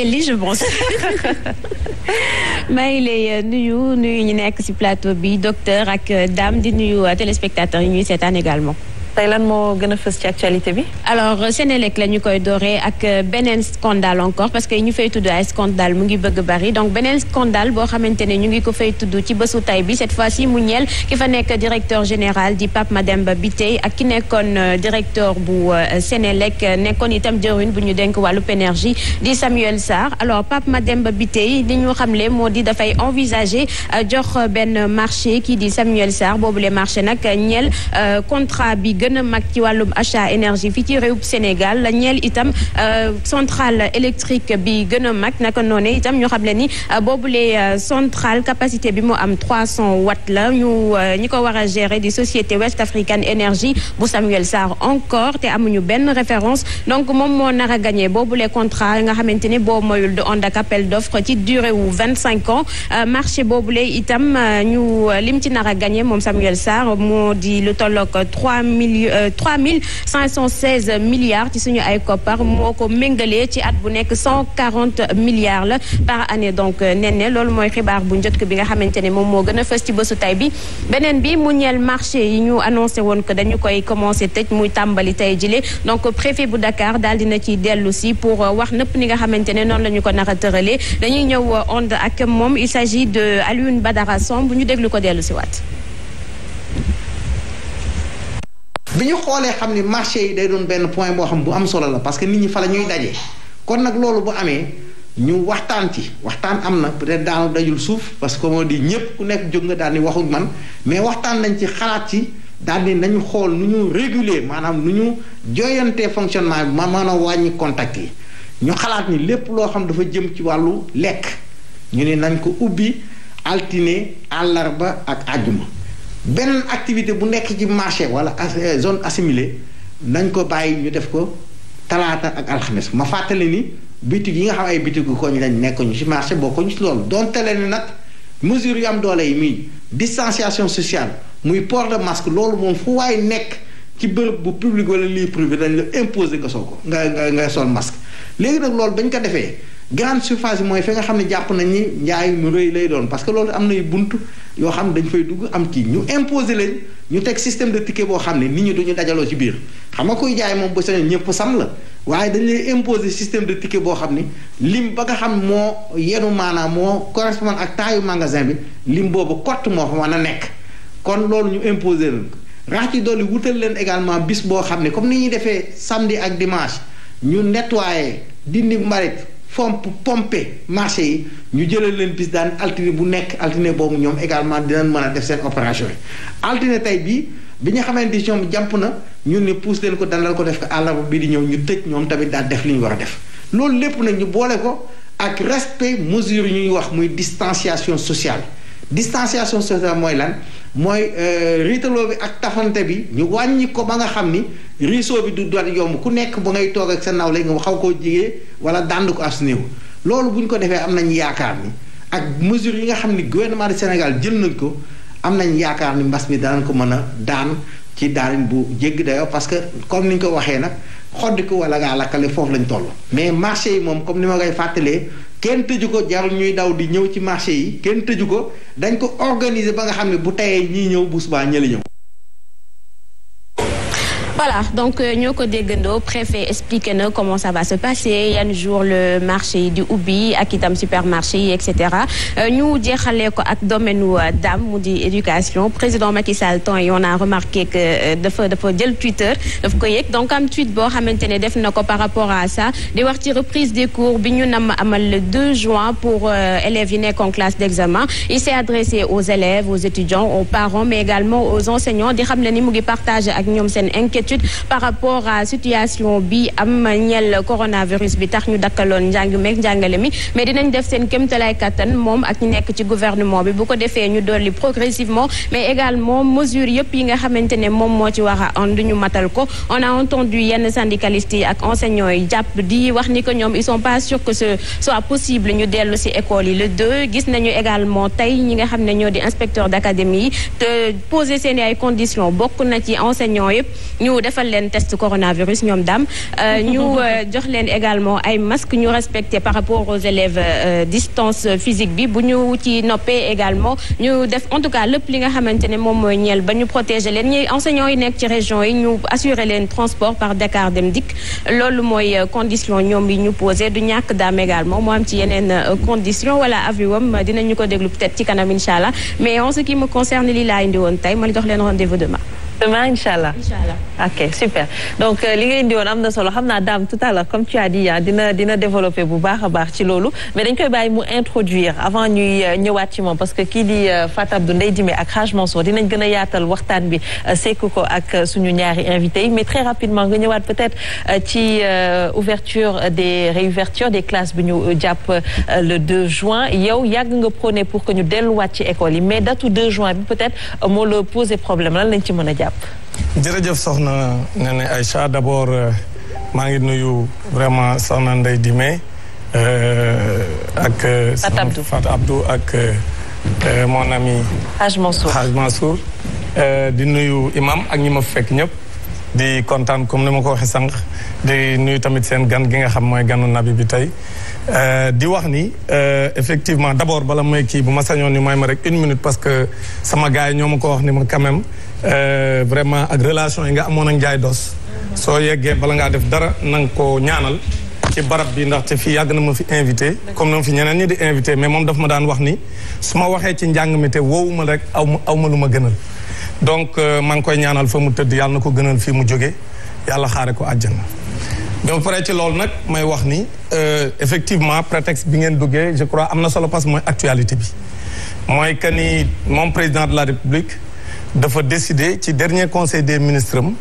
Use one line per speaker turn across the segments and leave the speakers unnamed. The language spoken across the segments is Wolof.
Eli je pense maa ngi lay euh, nuyu nuyu ñu nekk ci plateau bi docteur ak euh, dame di nuyu euh, téléspectateurs yi ñuy seetaan également. tey lan moo gën a fës ci actualité bi. alors euh, Sénélec la ñu koy dooree ak euh, beneen scandale encore parce que ñu fay tudd ay scandale mu ngi bëgg bari donc beneen scandale boo xamante ne ñu ngi ko fay tudd ci bésu tay bi cette fois ci mu ñeel ki fa nekk directeur général di ba bi tey ak ki nekkoon euh, directeur bu Sénélec nekkoon itam jëwriñ bu ñu denk wàllu énergie di Samuel Sarr alors Pape Mademba Bitèye li ñu xamle moo di dafay envisager jox benn marché kii di Samuel Sarr boobu les marché nag ñeel contrat gën a mag ci wàllum achat énergie fii ci réewum Sénégal ñeel itam euh, centrale électrique bi gën a mag naka noonu itam ñu xam le ni euh, boobule euh, centrale capacité bi mu am 300 watt la ñu ñi ko war a gérer di société West African Energy bu Samuel Sarr encore te amuñu benn référence donc moom moo nar a boobu boobule contrat nga xamante ni boo moyul de ondak appel d'offre ci durée wu 25 ans marché boobu boobule itam ñu lim ci nar a gagné moom Samuel Sarr moo di lu tolloog 3 mille euh, trois mille cinq cent seize milliards ci suñu ay koppar moo ko méngalee ci at bu nekk cent quarante milliards la par année donc nen euh, ne loolu mooy xibaar bu njëkk bi nga xamante ne moom moo gën a fës ci bésu tay bi beneen bi mu ñeel marché yi ñu annoncé woon ko dañu koy commencé tëj muy tàmbali tey jile donc préfet bu Dakar daal dina ci dellu si pour euh, wax nëpp ni nga xamante ne noonu la ñu ko nar a tëralee dañuy ñëw ond ak moom il s'agit de Alioune Badara Samb bu ñu déglu ko dellu si
bi ñu xoolee xam ni marché yi day doon benn point boo xam bu am solo la parce que nit ñi fa la ñuy daje kon nag loolu bu amee ñu waxtaan ci waxtaan am na peut-être daanu dajul suuf parce que comme on dit ñépp ku nekk jóg nga daal ni waxul man mais waxtaan nañ ci xalaat ci daal di nañu xool nu ñu réguler maanaam nu ñu jooyantee fonctionnement bi ma mën a wàññi contact yi ñu xalaat ni lépp loo xam dafa jëm ci wàllu lekk ñu ne nañ ko ubbi altine àllarba ak àjjuma benn activité bu nekk ci marché wala euh, zone assimilée nañ ko bàyyi ñu def ko talaata ak alxames ma fàttali ni bitig yi nga xam ay bitig ko ñu lañ nekkuñu ci marché bokkuñu ci loolu donte leen nag mesure yu am doole yi muy distanciation sociale muy port de masque loolu moom fu waay nekk ci bërëb bu public wala lii privé dañ la imposer nga soo ko nga nga nga sol masque léegi nag loolu bañ ko defee grande surface mooy fi nga xam ne jàpp nañ ni njaay mu rëy lay doon parce que loolu am nay bunt yoo xam ne dañ fay dugg am kii ñu imposer leen ñu teg système de ticket boo xam ne nit ñi duñu dajaloo ci biir xam nga koy jaay moom ba sañoon ñëpp sam la waaye dañ lay imposer système de ticket boo xam ni lim ba nga xam moo yenu maanaam moo correspond ak taayu magasin bi lim boobu kott moo fa mën a nekk kon loolu ñu imposer leen rax ci dolli wutal leen également bis boo xam ne comme ni ñuy defee samedi ak dimanche ñu nettoyé dindi mbalit fomp pompe marché yi ñu jëlal leen bis daan altine bu nekk altine boobu ñoom également dinañ mën a def seen opération yi altine tey bii bi nga xamante ni ñoom jàmp na ñu ne pousse leen ko dalal ko def ko àllarba bii di ñëw ñu tëj ñoom tamit daan def li war a def loolu lépp nag ñu boole ko ak respect mesure ñuy wax muy distanciation sociale distanciation sociale mooy lan mooy euh, riitaloo bi ak tafante bi ñu wàññi ko ba nga xam ni riisoo bi du doon yomb ku nekk ba ngay toog ak sa nawle nga xaw koo jigee wala dànd ko as néew loolu bu ñu ko defee am nañ yaakaar ni ak mesure yi nga xam ni gouvernement du Sénégal jël nañ ko am nañ yaakaar ni mbas mi danañ ko mën a daan ci daanin bu jéggi dayoo parce que comme ni ñu ko waxee nag xoddiku wala ngaa lakkale foofu lañ toll mais marché yi moom comme ni ma koy fàttalee kenn tëju ko jarul ñuy daw di ñëw ci marché yi kenn tëju ko dañ ko organiser ba nga xam ne bu teyee ñi ñëw bu subaa ñëli ñëw
voilà donc euh, ñoo ko déggandoo préfet expliqué na comment ça va se passer yan jour le marché yi di ubbi ak itam supermarché yi et cetera euh, ñu jeexalee ko ak domaine u euh, dam mu di éducation président Macky Sall temps yi on a remarqué que dafa dafa jël Twitter daf ko yëg donc am tweet boo xamante ne def na ko par rapport à ça di wax ci reprise des cours bi ñu nam amal le 2 juin pour élèves yi nekk en classe d'examen il s'est adressé aux élèves aux étudiants aux parents mais également aux enseignants di xam ne ni mu ngi partager ak ñoom seen inquiétude par rapport à situation bi am ñel coronavirus bi tax ñu dakkaloon njàng meeg njàngale mi mais dinañ def seen kéemtalaay kattan moom ak ñi nekk ci gouvernement bi bu ko defee ñu dolli progressivement mais également mesure yëpp yi nga xamante ne moom moo ci war a ànd ñu matal ko on a entendu yenn syndicalistes yi ak enseignants yi jàpp di wax ni que ñoom ils sont pas sûrs que soit possible ñu dellu ci école yi le deux gis nañu également tey ñi nga xam ne ñoo di inspecteur d'académie yi te poser seen ay conditions bokk na ci enseignants yëpp defal leen test coronavirus ñoom daam euh, ñu euh, jox leen également ay masques ñu respecté par rapport aux élèves euh, distance physique bi bu ñu ci noppee également ñu def en tout cas lépp li nga xamante ne moom mooy ñeel ba ñu protéger leen ñuy enseignants yi nekk ci région yi ñu assurer leen transport par Dakar Dem Dikk loolu mooy condition ñoom yi ñu posé du ñàkk daam également moo am ci yeneen condition wala aviwam dinañu ko déglu peut-être ci kanam incha mais woon tey ma jox leen rendez-vous demain incha allah ok super donc euh, li nga indi am na solo xam naa daam tout à l'heure comme tu as dit ah dina dina développer bu baax a baax ci loolu mais koy bàyyi mu introduire avant ñuy euh, ñëwaat ci moom parce que kii di euh, Fat Abdou Ndeye Dime ak Haj Mansour dinañ gën a yaatal waxtaan bi sekk ko ak suñu ñaari invité yi mais très rapidement nga ñëwaat peut-être ci ouverture des réouverture des classes bi ñu jàpp le 2 juin yow yàgg nga prôné pour que ñu delluwaat ci école yi mais datu 2 juin bi peut-être moo la posé problème lan lañ ci mën a jàpp
jàpp. jërëjëf soxna Néné Aïcha d' abord euh, maa ngi nuyu vraiment soxna Ndeye Dime euh, ak. Euh, Fat Abdou Fat ak mon ami. Haj Mansour Haj di nuyu imam ak ñi ma fekk ñëpp. di kontaan comme ni ma ko waxee sànq di nuyu tamit seen gan gi nga xam mooy ganu nabi bi tey euh, di wax ni euh, effectivement d'abord bala may kii bu ma sañoon ni may ma rek une minute parce que sama gars yi ñoo ma ko wax ni ma quand même euh, vraiment ak relation yi nga amoon ak Ndiaye Doss soo yeggee bala ngaa def dara na nga ko ñaanal ci barab bi ndaxte fii yàgg na ma fi invité comme na ma fi ñeneen ñi di invité mais moom dafa ma daan wax ni su ma waxee ci njàng mi te woowuma rek aw ma aw ma lu ma donc euh, maa ngi koy ñaanal fa mu tëdd yàlla na ko gënal fii mu jóge yàlla xaare ko àjjana ba pare ci loolu nag may wax ni euh, effectivement prétexte bi ngeen duggee je crois am na solo parce que mooy actualité bi mooy que ni moom président de la république dafa décider ci dernier conseil des ministre am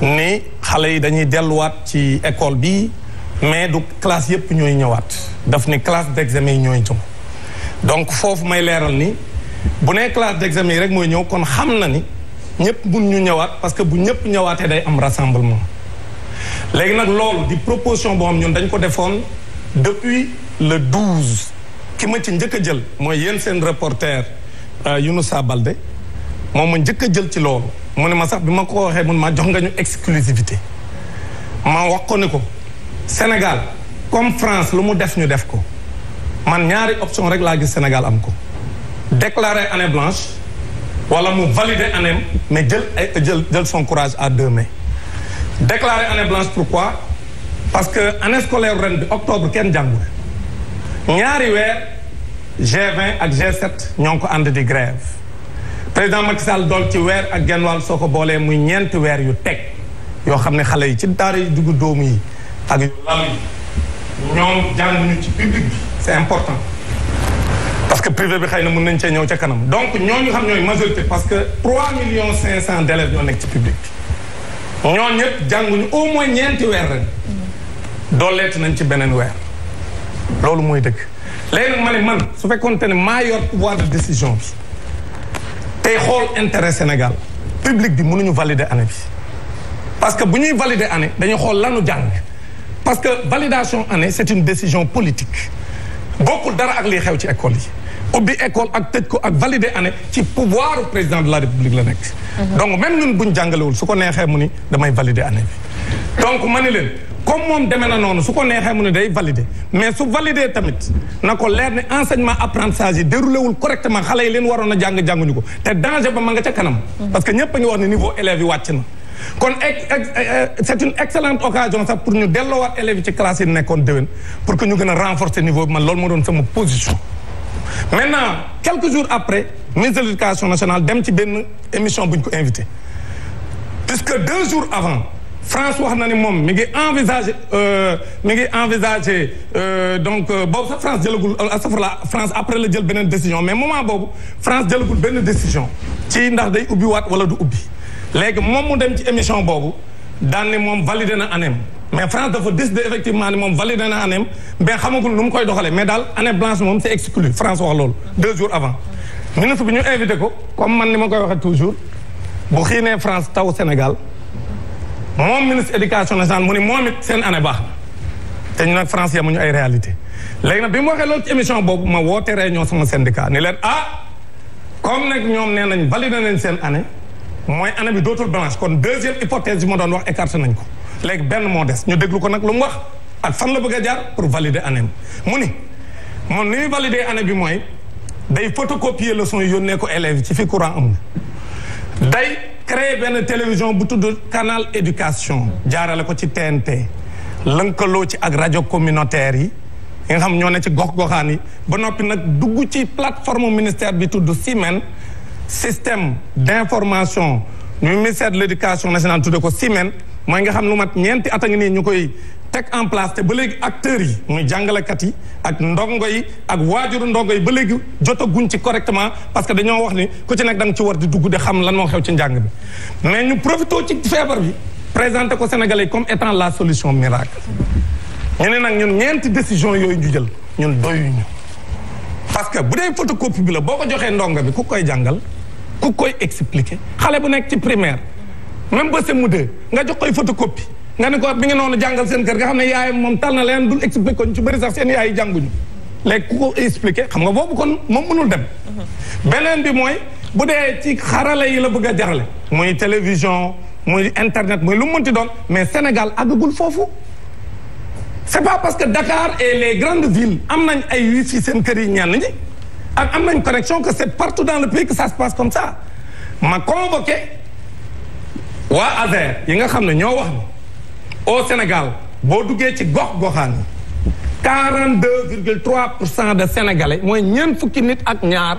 ni xale yi dañuy delluwaat ci école bi mais du classe yépp ñooy ñëwaat daf ni classe d'examen yi ñooy jëm donc foofu may leeral ni bu nee classe d'examen yi rek mooy ñëw kon xam na ni ñëpp mun ñu ñëwaat parce que bu ñëpp ñëwaatee day am rassemblement léegi nag loolu di proposition boo xam ñun dañ ko defoon depuis le 12 ki ma ci njëkk a jël mooy yéen seen reporter euh, Younoussa Baldé moom ma njëkk jël ci loolu mu ne ma sax bi ma ko waxee mun ma jox nga ñu exclusivité ma wax ko ni ko Sénégal comme France lu mu def ñu def ko man ñaari option rek laa gis Sénégal am ko déclarer année blanche wala mu valider année mais jël ay jël jël son courage à deux mains déclarer année blanche quoi parce que année scolaire ren bi octobre kenn jàngul ñaari weer G20 ak G7 ñoo ngi ko ànd di grève président Macky Sall dool ci weer ak genn wàll soo ko boolee muy ñeenti weer yu teg yoo xam ni xale yi ci daara yi dugg dóomu yi ak yu lalu yi ñoom jànguñu ci public bi c'est important parce que privé bi xay na mun nañ cee ñëw ca kanam donc ñooñu xam ñooy majorité parce que 3 millions 500 d' élèves ñoo nekk ci public bi. ñooñu ñëpp jànguñu au moins ñeenti weer ren. dooleet nañ ci beneen weer. loolu mooy dëgg léegi nag ma man su fekkoon te ne maa yor pouvoir de décision bi tey xool intérêt Sénégal public bi mënuñu valider année bi. parce que bu ñuy valider année dañu xool lanu jàng parce que validation année c' est une décision politique bokkul dara ak liy xew ci école yi. ubbi école ak tëj ko ak valider année ci pouvoir président de la république la nekk. donc même ñun buñ jàngalewul su ko neexee mu ni damay valider année bi. donc ma ni leen comme moom demee na noonu su ko neexee mu ni day valider mais su valider tamit na ko leer ne enseignement apprentissage yi déroulé wul correctement xale yi leen waroon a jàng ñu ko te danger ba ma nga ca kanam. parce que ñëpp a ngi wax ne niveau élèves yi wàcc na. kon eh, eh, c'est une sax pour ñu delloowaat élèves yi pour que ñu gën a renforcer niveau bi man loolu doon sama position. maintenant quelque jours après ministre de l'éducation nationale dem ci benn émission bu ñu ko invité que deux jours avant France wax na ni moom mi ngi envisager euh, mi ngi envisager euh, donc euh, boobu sax France jëlagul astafurla France après la jël beneen décision mais moment boobu France jëlagul benn décision ci ndax day ubbi waat wala du ubbi léegi moom mu dem ci émission boobu daan ne moom validé na anem mais France dafa décidé effectivement ne moom validé na anem mais xamagul nu mu koy doxalee mais daal année blanche moom c'est exclu France wax loolu deux jours avant ministre bi ñu invité ko comme man ni ma koy waxee toujours bu xiinee France taw Sénégal moom ministre éducation nationale mu ni moom it seen année baax na te ñu nag France yamuñu ay réalité léegi nag bi mu waxee loolu ci émission boobu ma woo woote réunion sama syndicat ni leen ah comme nag ñoom nee nañ validé nañ seen année mooy année bi dootul blanche kon deuxième hypothèse bi ma doon wax écarté nañ ko léegi benn moo des ñu déglu ko nag lu mu wax ak fan la bëgg a jaar pour valider année mu ni moom ni muy valider année bi mooy day photocopier leçon yi yónnee ko élèves yi ci fi courant amul day créer benn télévision bu tudd canal éducation jaarale ko ci tente lënkaloo ci ak rajo communautaire yi yi nga xam ñoo ne ci gox goxaan yi ba noppi nag dugg ci plateforme ministère bi tudd Simen système d'information ñu ministère de l'éducation nationale tudde ko SIMEN mooy nga xam lu mat ñeenti at a ngi nii ñu koy teg en place te ba léegi acteurs yi muy jàngalekat yi ak ndongo yi ak waajuru ndongo yi ba léegi jot jotaguñ ci correctement parce que dañoo wax ni ku ci nekk da nga ci war di dugg de xam lan moo xew ci njàng bi mais ñu profité ci feebar bi présente ko Sénégalais yi comme étant la solution miracle ñu ne nag ñun ñeenti décision yooyu ñu jël ñun doyuñu parce que bu dee photocopie bi la boo ko joxee ndongo bi ku koy jàngal ku koy expliquer xale bu nekk ci primaire même ba sem mu nga jox koy photocopie nga ne ko bi nga noonu jàngal seen kër nga xam ne yaayam moom tal na leen dul expliquer ko ñu ci bëri sax seen yaay jànguñu léegi ku ko expliquer xam nga boobu kon moom mënul dem mhm. beneen bi mooy bu dee ci xarala yi la bëgg a jarale muy télévision muy internet muy lu mu mënti doon mais Sénégal àggagul foofu c'est pas parce que Dakar et les grandes villes am nañ ay wifi seen kër yi ñenn ñi ak am nañ connexion que c'est partout dans le pays que ça se passe comme ça ma convoqué waa ASER yi nga xam ne ñoo wax ni au Sénégal boo duggee ci gox goxaan yi 42 virgule 3 cent de sénégalais mooy ñeent fukki nit ak ñaar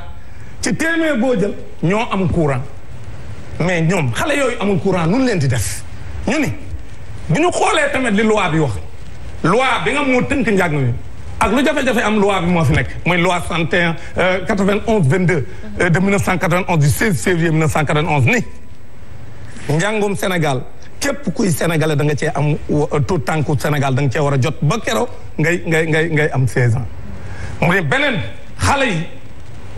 ci téeméer boo jël ñoo am courant mais ñoom xale yooyu amul courant nun leen di def ñu ni bu ñu xoolee tamit li loi bi wax loi bi nga moo tënk njàng mi ak lu jafe-jafe am loi bi moo fi nekk mooy loi 61 91 22 de 1991 du 16 février 1991 ni njàngum Sénégal képp kuy sénégalais da nga cee am euh, tout tànku Sénégal da nga cee war a jot ba keroog ngay ngay ngay ngay am 16 ans mu ne beneen xale yi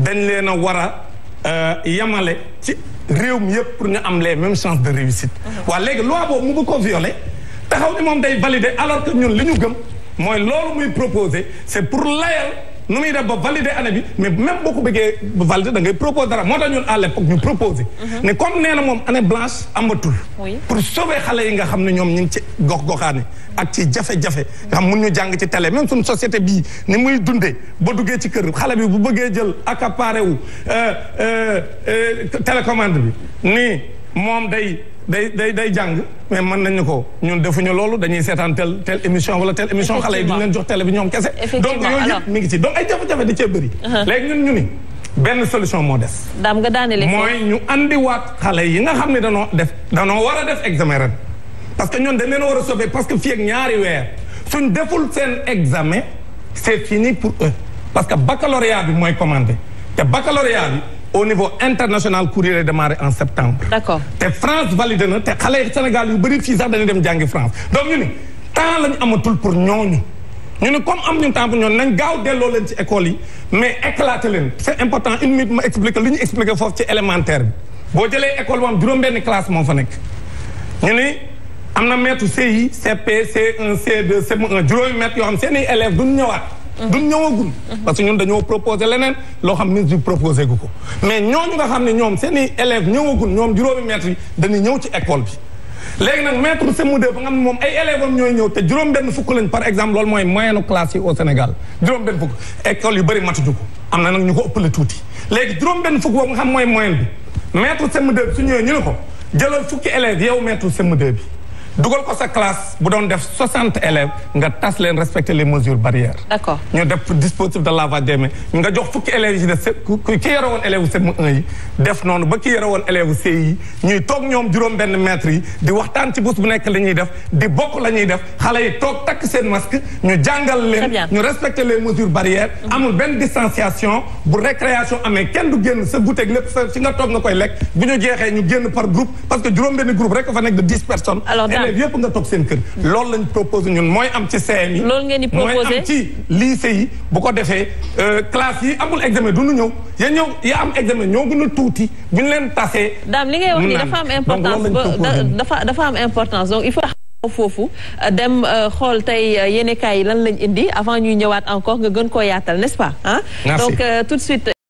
dañ leen a war a euh, yamale ci réew mi yëpp pour ñu am les mêmes chances de réussite mhm. waa léegi loi boobu mu bëgg ko violé taxaw ni moom day validé alors li ñu gëm mooy loolu muy proposé c'est pour layal nu muy def ba valider année bi mais même boo ko bëggee valider da ngay proposer dara moo tax ñun à l'époque ñu proposer mhm. ne comme nee na moom année blanche amatul pour sauver xale yi nga xam ne ñoom ñu ngi ci gox goxaane ak ci jafe-jafe nga xam mun ñu jàng ci télé même suñu société bii ni muy dundee ba duggee ci kër xale bi bu bëggee jël accaparé wu euh, euh, euh, télécommande bi nii moom day day day day jàng mais mën nañu ko ñun defuñu loolu dañuy seetaan tel tel émission wala tel émission xale yi duñ leen jox télé bi ñoom kese donc yooyu yëpp ngi ci donc ay jafe cee bëri uh-huh. léegi ñun ñu benn solution moo des daam nga daanele mooy ñu andiwaat xale yi nga xam ne danoo def danoo war a def examen ren parce que ñoom dañ leen war a sobee parce que fii ak ñaari weer suñ deful seen examen c'est fini pour eux parce que baccalauréat bi mooy commandé te baccalauréat bi au niveau international cours yi lay en septembre. d'accord te France validé na te xale yi Sénégal yu bëri fii sax dañuy dem jàngi France donc ñu ne temps lañu amatul pour ñooñu. ñu ne comme am ñu temps ñoon nañ gaaw delloo leen ci école yi mais éclater leen c'est important une minute ma expliquer li ñu expliquer foofu ci élémentaire bi boo jëlee école moom juróom-benn classe moo fa nekk ñu ne am na maître CI CP C1 C2 cm yoo xam seen i élèves duñu ñëwaat. duñ ñëwagul parce que ñun dañoo proposé leneen loo xam ministre bi proposé gu ko mais ñooñu nga xam ne ñoom seen i ñëwagul ñoom juróomi maître yi dañuy ñëw ci école bi léegi nag maître CM2 ba nga xam moom ay élèves am ñëw te juróom-benn fukk lañ par exemple loolu mooy moyenne classe yi au Sénégal juróom-benn fukk école yu bëri matuñu ko am na nag ñu ko ëpp ëppale tuuti léegi juróom-benn fukk boobu xam mooy moyenne bi maître CM2 bi su ñëwee ñu ko jëlal fukki élèves yow maître CM2 bi dugal ko sa classe bu doon def soixante élèves nga tas leen respecter les mesures barrières. d'accord ñu def dispositif de lavage des mains nga jox fukki élèves yi de se ki yore woon élèves CM1 yi def noonu ba ki yore woon élèves CI yi ñuy toog ñoom juróom-benn maîtres yi di waxtaan ci bés bu nekk la ñuy def di bokk la ñuy def xale yi toog takk seen masque ñu jàngal leen. ñu respecter les mesures barrières. Mhm. amul benn distanciation bu récréation amee kenn du génn sa goûter lépp sa si nga toog nga koy lekk élèves yëpp nga toog seen kër loolu lañ proposé ñun mooy am ci CM yi loolu ngeen di proposé mooy am ci lycée yi bu ko defee euh, classe yi amul examen du ñu ñëw ya ñëw ya am examen ñoo gën a tuuti bu ñu leen tasee
daam li ngay wax ni dafa am importance dafa dafa am importance donc il faut foofu euh, dem euh, xool tey yéenekaay yi lan lañ indi avant ñuy ñëwaat encore nga gën koo yaatal n'est-ce pas donc tout de suite